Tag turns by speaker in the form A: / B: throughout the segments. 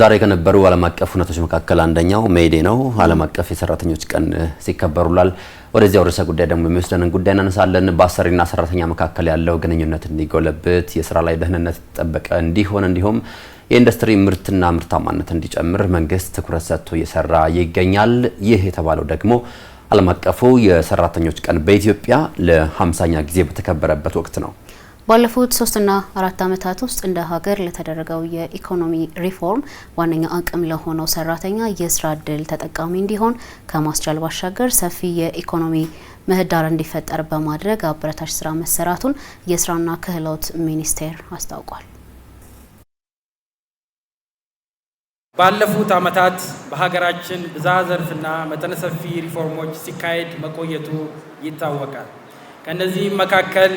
A: ዛሬ ከነበሩ ዓለም አቀፍ ሁነቶች መካከል አንደኛው ሜይዴ ነው። ዓለም አቀፍ የሰራተኞች ቀን ሲከበሩላል። ወደዚያው ርዕሰ ጉዳይ ደግሞ የሚወስደንን ጉዳይ እናነሳለን። በአሰሪና ሰራተኛ መካከል ያለው ግንኙነት እንዲጎለብት፣ የስራ ላይ ደህንነት የተጠበቀ እንዲሆን እንዲሁም የኢንዱስትሪ ምርትና ምርታማነት እንዲጨምር መንግስት ትኩረት ሰጥቶ እየሰራ ይገኛል። ይህ የተባለው ደግሞ ዓለም አቀፉ የሰራተኞች ቀን በኢትዮጵያ ለ50ኛ ጊዜ በተከበረበት ወቅት ነው።
B: ባለፉት ሶስትና አራት ዓመታት ውስጥ እንደ ሀገር ለተደረገው የኢኮኖሚ ሪፎርም ዋነኛ አቅም ለሆነው ሰራተኛ የስራ እድል ተጠቃሚ እንዲሆን ከማስቻል ባሻገር ሰፊ የኢኮኖሚ ምህዳር እንዲፈጠር በማድረግ አበረታች ስራ መሰራቱን የስራና ክህሎት ሚኒስቴር አስታውቋል።
C: ባለፉት ዓመታት በሀገራችን ብዝሃ ዘርፍና መጠነ ሰፊ ሪፎርሞች ሲካሄድ መቆየቱ ይታወቃል። ከእነዚህም መካከል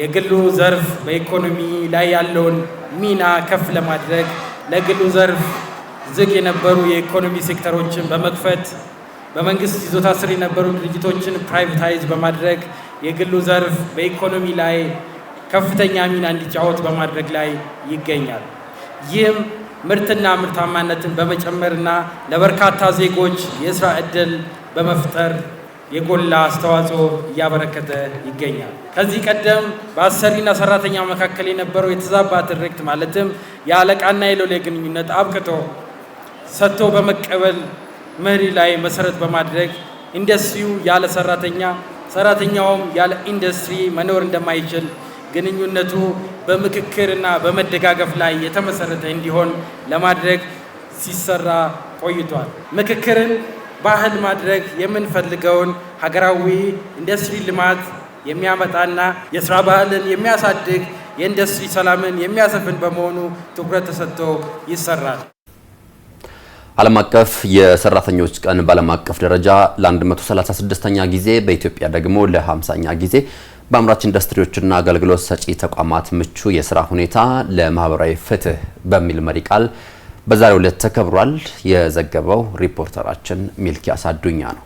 C: የግሉ ዘርፍ በኢኮኖሚ ላይ ያለውን ሚና ከፍ ለማድረግ ለግሉ ዘርፍ ዝግ የነበሩ የኢኮኖሚ ሴክተሮችን በመክፈት በመንግስት ይዞታ ስር የነበሩ ድርጅቶችን ፕራይቬታይዝ በማድረግ የግሉ ዘርፍ በኢኮኖሚ ላይ ከፍተኛ ሚና እንዲጫወት በማድረግ ላይ ይገኛል። ይህም ምርትና ምርታማነትን በመጨመርና ለበርካታ ዜጎች የስራ ዕድል በመፍጠር የጎላ አስተዋጽኦ እያበረከተ ይገኛል። ከዚህ ቀደም በአሰሪና ሰራተኛ መካከል የነበረው የተዛባ ትርክት ማለትም የአለቃና የሎሌ ግንኙነት አብቅቶ ሰጥቶ በመቀበል መሪ ላይ መሰረት በማድረግ ኢንዱስትሪው ያለ ሰራተኛ ሰራተኛውም ያለ ኢንዱስትሪ መኖር እንደማይችል ግንኙነቱ በምክክርና በመደጋገፍ ላይ የተመሰረተ እንዲሆን ለማድረግ ሲሰራ ቆይቷል። ምክክርን ባህል ማድረግ የምንፈልገውን ሀገራዊ ኢንዱስትሪ ልማት የሚያመጣና የስራ ባህልን የሚያሳድግ የኢንዱስትሪ ሰላምን የሚያሰፍን በመሆኑ ትኩረት ተሰጥቶ ይሰራል።
A: ዓለም አቀፍ የሰራተኞች ቀን በዓለም አቀፍ ደረጃ ለ136ኛ ጊዜ በኢትዮጵያ ደግሞ ለ50ኛ ጊዜ በአምራች ኢንዱስትሪዎችና አገልግሎት ሰጪ ተቋማት ምቹ የስራ ሁኔታ ለማህበራዊ ፍትህ በሚል መሪ ቃል በዛሬው ዕለት ተከብሯል። የዘገበው ሪፖርተራችን ሚልኪያስ አዱኛ ነው።